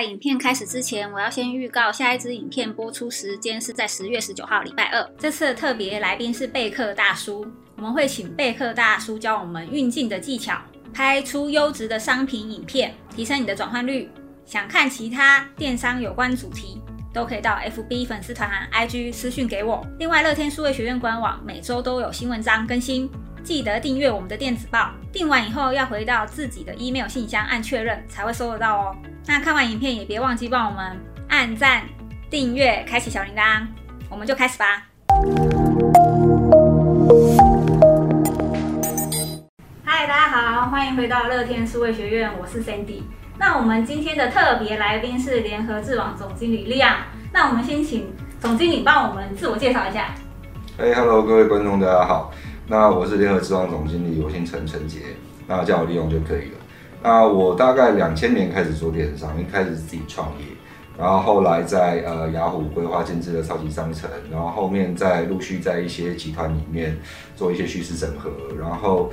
在影片開始之前，我要先預告下一支影片播出時間是在十月十九號，禮拜二。這次的特別來賓是貝克大叔，我們會請貝克大叔教我們運鏡的技巧，拍出優質的商品影片，提升你的轉換率。想看其他電商有關主題，都可以到 FB 粉絲團、IG 私訊給我。另外，樂天數位學院官網每周都有新文章更新。記得訂閱我們的電子報，訂完以後要回到自己的 email 信箱按確認才會收得到哦。那看完影片也別忘記幫我們按讚、訂閱、開啟小鈴鐺，我們就開始吧。嗨，大家好，歡迎回到樂天數位學院，我是 Sandy。那我們今天的特別來賓是聯合智網總經理亮。那我們先請總經理幫我們自我介紹一下。Hey, Hello，各位觀眾，大家好。那我是聯合智網總經理，我姓陳，陳杰，那叫我利用就可以了。那我大概兩千年開始做電商，一開始自己創業，然後後來在呃雅虎規劃建制的超級商城，然後後面再陸續在一些集團裡面做一些虛實整合，然後。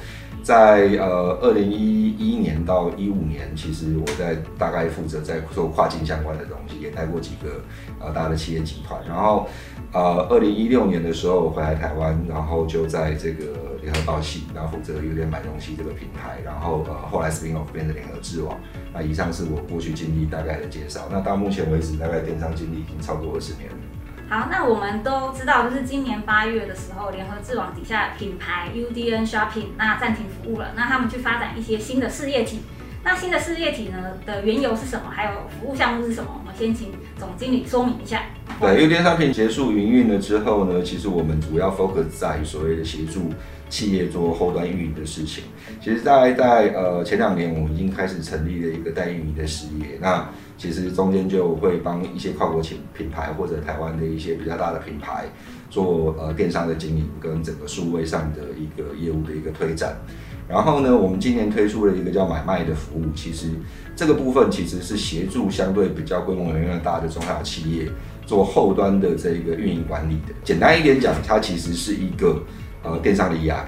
在呃二零一一年到一五年，其實我在大概負責在做跨境相關的東西，也帶過幾個呃大的企業集團。然後呃二零一六年的時候我回來台灣，然後就在這個聯合報喜，然後負責有點買東西這個平台。然後呃後來視頻 f 變成聯合智網。那以上是我過去經歷大概的介紹。那到目前為止，大概電商經歷已經超過二十年了。好，那我們都知道，就是今年八月的時候，聯合智網底下品牌 U D N Shopping 那暫停服務了。那他們去發展一些新的事業體，那新的事業體呢的緣由是什麼？還有服務項目是什麼？我們先請總經理說明一下。對，U D N Shopping 結束營運了之後呢，其實我們主要 focus 在於所謂的協助。企業做後端運營的事情，其實大概在在呃前兩年，我們已經開始成立了一個代運營的事業。那其實中間就會幫一些跨國企品牌或者台灣的一些比較大的品牌做呃電商的經營跟整個數位上的一個業務的一個推展。然後呢，我們今年推出了一個叫買賣的服務。其實這個部分其實是協助相對比較規模比較大的中小企業做後端的這個運營管理的。簡單一點講，它其實是一個。呃，電商的 ERP，啊、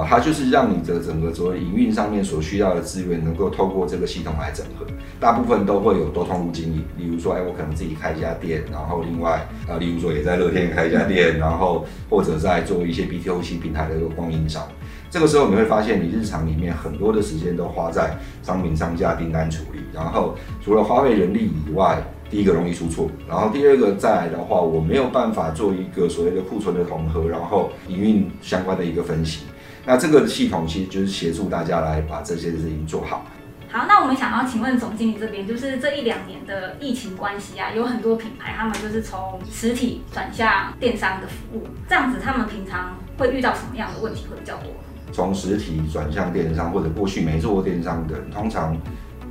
呃，它就是讓你的整個說營運上面所需要的資源，能夠透過這個系統來整合。大部分都會有多通路經營，例如說，哎、欸，我可能自己開一家店，然後另外，呃，例如說也在樂天開一家店，然後或者在做一些 BTOC 平台的一個供應商。這個時候你會發現，你日常裡面很多的時間都花在商品上架、訂單處理，然後除了花費人力以外，第一個容易出錯，然後第二個再來的話，我沒有辦法做一個所謂的庫存的統合，然後營運相關的一個分析。那這個系統其實就是協助大家來把這些事情做好。好，那我們想要請問總經理這邊，就是這一兩年的疫情關係啊，有很多品牌他們就是從實體轉向電商的服務，這樣子他們平常會遇到什麼樣的問題會比較多？從實體轉向電商，或者過去沒做過電商的，通常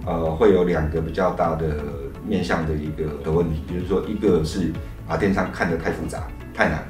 呃會有兩個比較大的。面向的一個的問題，就是說，一個是把電商看得太複雜、太難，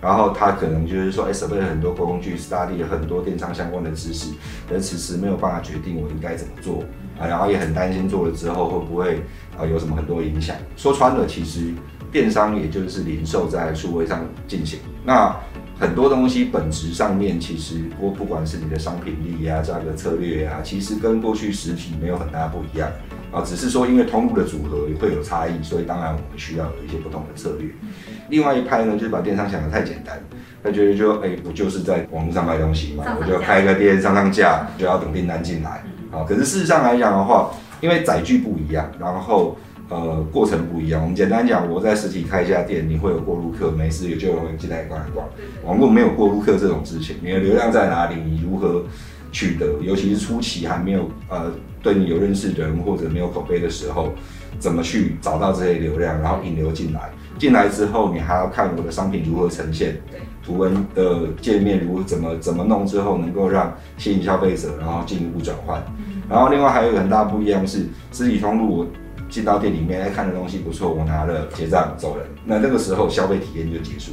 然後他可能就是說，哎，準備了很多工具，study 了很多電商相關的知識，而此時沒有辦法決定我應該怎麼做啊，然後也很擔心做了之後會不會啊有什麼很多影響。說穿了，其實電商也就是零售在數位上進行，那很多東西本質上面其實不不管是你的商品力呀、啊、價格策略呀、啊，其實跟過去實體沒有很大不一樣。啊，只是說因為通路的組合也會有差異，所以當然我們需要有一些不同的策略。嗯、另外一派呢，就是把電商想得太簡單，他、嗯、覺得說哎，不、欸、就是在網絡上賣東西嘛，我就開個店上上架，就要等訂單進來、嗯。好，可是事實上來講的話，因為載具不一樣，然後呃過程不一樣。我們簡單講，我在實體開一家店，你會有過路客，沒事有就有人進來逛一逛。對對對網絡沒有過路客這種事情，你的流量在哪裡？你如何？取得，尤其是初期還沒有呃對你有認識的人或者沒有口碑的時候，怎麼去找到這些流量，然後引流進來。進來之後，你還要看我的商品如何呈現，對，圖文的界面、如何怎麼怎麼弄，之後能夠讓吸引消費者，然後進一步轉換。然後另外還有一個很大不一樣是，實體通路進到店裡面，來看的東西不錯，我拿了結賬走人，那那個時候消費體驗就結束。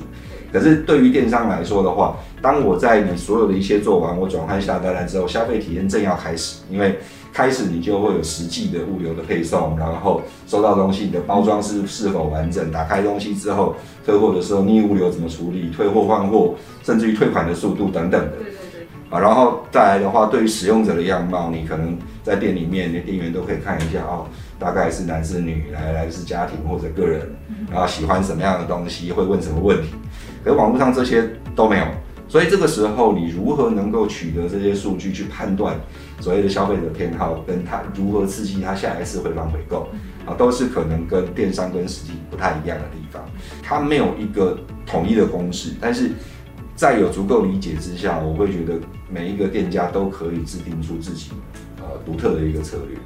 可是對於電商來說的話，當我在你所有的一些做完，我轉換下單了之後，消費體驗正要開始，因為開始你就會有實際的物流的配送，然後收到東西，你的包裝是是否完整，打開東西之後，退貨的時候逆物流怎麼處理，退貨換貨，甚至於退款的速度等等的。對對對。啊，然後再來的話，對於使用者的樣貌，你可能在店裡面，你店員都可以看一下哦，大概是男是女，來來自家庭或者個人，然後喜歡什麼樣的東西，會問什麼問題。可是網絡上這些都沒有，所以這個時候你如何能夠取得這些數據去判斷所謂的消費者偏好，跟他如何刺激他下一次回訪回購啊，都是可能跟電商跟實際不太一樣的地方。他沒有一個統一的公式，但是在有足夠理解之下，我會覺得每一個店家都可以制定出自己呃獨特的一個策略。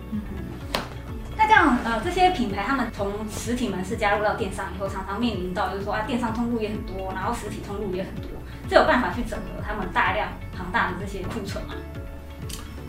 呃，這些品牌他們從實體門市加入到電商以後，常常面臨到就是說啊，電商通路也很多，然後實體通路也很多，這有辦法去整合他們大量龐大的這些庫存嗎？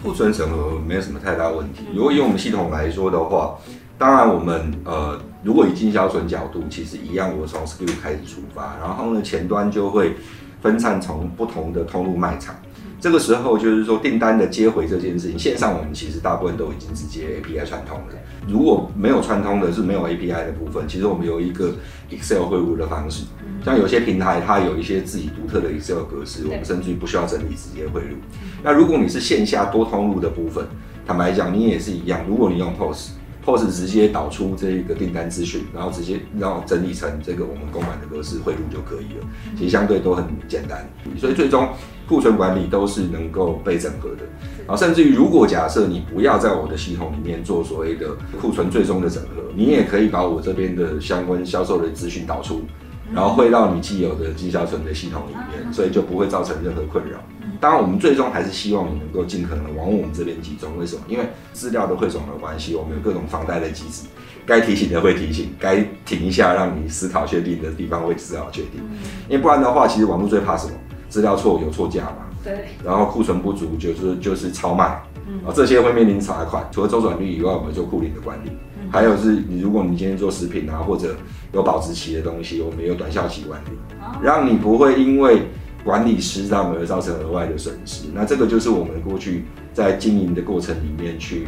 庫存審核沒有什麼太大問題。如果用我們系統來說的話，嗯、當然我們呃，如果以經銷存角度，其實一樣，我從 SKU 開始出發，然後呢，前端就會分散從不同的通路賣場。這個時候就是說訂單的接回這件事情，線上我們其實大部分都已經直接 API 串通了。如果沒有串通的是沒有 API 的部分，其實我們有一個 Excel 匯入的方式。像有些平台它有一些自己獨特的 Excel 格式，我們甚至於不需要整理直接匯入。那如果你是線下多通路的部分，坦白講你也是一樣。如果你用 POS。或是直接導出這個訂單資訊，然後直接讓整理成這個我們購買的格式匯入就可以了。其實相對都很簡單，所以最終庫存管理都是能夠被整合的。然後甚至於如果假設你不要在我的系統裡面做所謂的庫存最終的整合，你也可以把我這邊的相關銷售的資訊導出，然後匯到你既有的進銷存的系統裡面，所以就不會造成任何困擾。當然，我們最終還是希望你能夠盡可能往我們這邊集中。為什麼？因為資料會的匯總的關係，我們有各種防呆的機制，該提醒的會提醒，該停一下讓你思考確定的地方會思考確定、嗯。因為不然的話，其實網絡最怕什麼？資料錯有錯價嘛。對。然後庫存不足就是就是超賣、嗯，然後這些會面臨罰款。除了周轉率以外，我們做庫存的管理、嗯，還有是你如果你今天做食品啊或者有保質期的東西，我們也有短效期管理，讓你不會因為。管理失當，我們而造成額外的損失，那這個就是我們過去在經營的過程裡面去、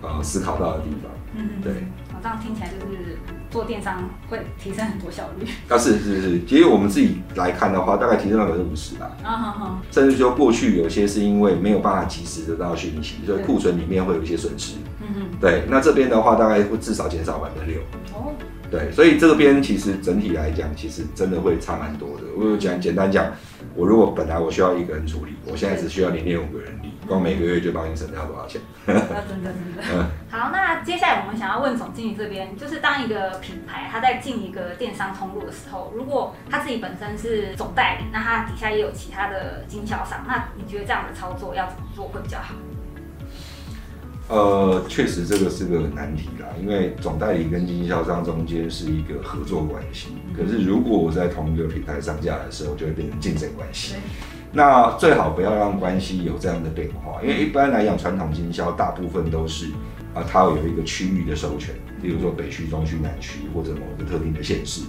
嗯、思考到的地方。嗯，對。嗯、好像聽起來就是做電商會提升很多效率。啊，是是是，其實我們自己來看的話，大概提升百分之五十吧。啊，好好。甚至說過去有些是因為沒有辦法及時得到訊息，所以庫存裡面會有一些損失。嗯，對，那這邊的話大概會至少減少百分之六。哦。對，所以這邊其實整體來講，其實真的會差蠻多的。我講，簡單講，我如果本來我需要一個人處理，我現在只需要零點五個人力，嗯，光每個月就幫你省掉多少錢？嗯，呵呵，啊，真的，真的。嗯。好，那接下來我們想要問總經理這邊，就是當一個品牌他在進一個電商通路的時候，如果他自己本身是總代理，那他底下也有其他的經銷商，那你覺得這樣的操作要怎麼做會比較好？呃，確實這個是個難題啦，因為總代理跟經銷商中間是一個合作關係，可是如果我在同一個平台上架的時候，就會變成競爭關係。那最好不要讓關係有這樣的變化，因為一般來講，傳統經銷大部分都是啊、呃，它會有一個區域的授權，比如說北區、中區、南區，或者某個特定的縣市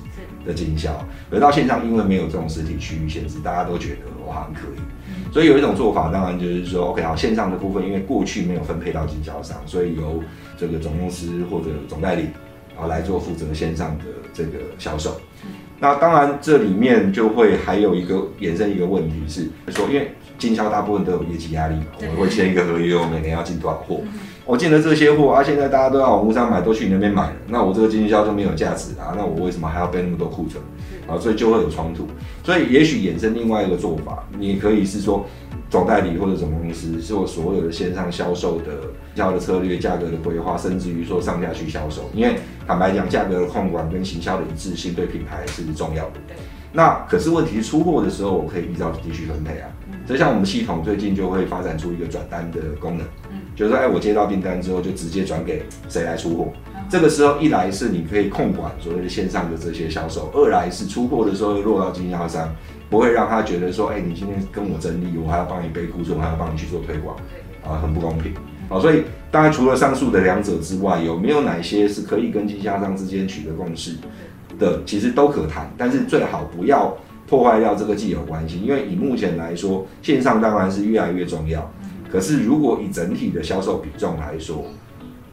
的經銷，而到線上，因為沒有這種實體區域限制，大家都覺得哇，可以。所以有一種做法，當然就是說，OK，好，線上的部分，因為過去沒有分配到經銷商，所以由這個總公司或者總代理啊來做負責線上的這個銷售。嗯。那當然這裡面就會還有一個衍生一個問題是，就是說，因為經銷大部分都有業績壓力嘛，我們會簽一個合約，我、嗯、每年要進多少貨。嗯我進了這些貨啊，現在大家都在網絡上買，都去你那邊買了,那我這個經銷商就沒有價值啊，那我為什麼還要備那麼多庫存、嗯、啊？所以就會有衝突。所以也許衍生另外一個做法，你可以是說總代理或者總公司是我所有的線上銷售的銷的策略、價格的規劃，甚至於說上下去銷售。因為坦白講，價格的控管跟行銷的一致性對品牌是重要的。對。那可是問題是出貨的時候，我可以依照地區分配啊。所、嗯、以像我們系統最近就會發展出一個轉單的功能。就是說，哎、欸，我接到訂單之後就直接轉給誰來出貨。這個時候，一來是你可以控管所謂的線上的這些銷售；二來是出貨的時候落到經銷商，不會讓他覺得說，哎、欸，你今天跟我爭利，我還要幫你背庫存，還要幫你去做推廣，啊，很不公平。好，所以當然除了上述的兩者之外，有沒有哪些是可以跟經銷商之間取得共識的？其實都可談，但是最好不要破壞掉這個既有關係，因為以目前來說，線上當然是越來越重要。可是，如果以整體的銷售比重來說，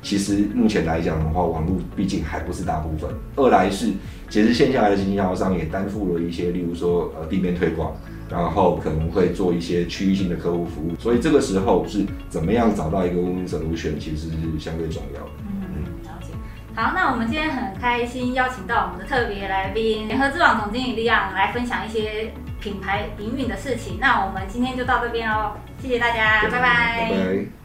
其實目前來講的話，網絡畢竟還不是大部分。二來是，其實線下的經銷商也擔負了一些，例如說呃，地面推廣，然後可能會做一些區域性的客戶服務。所以這個時候是怎麼樣找到一個穩定的服務圈，其實是相對重要的嗯。嗯，了解。好，那我們今天很開心邀請到我們的特別來賓聯合智網總經理李亮來分享一些。品牌營運的事情，那我們今天就到這邊囉，謝謝大家，yeah, 拜拜。拜拜。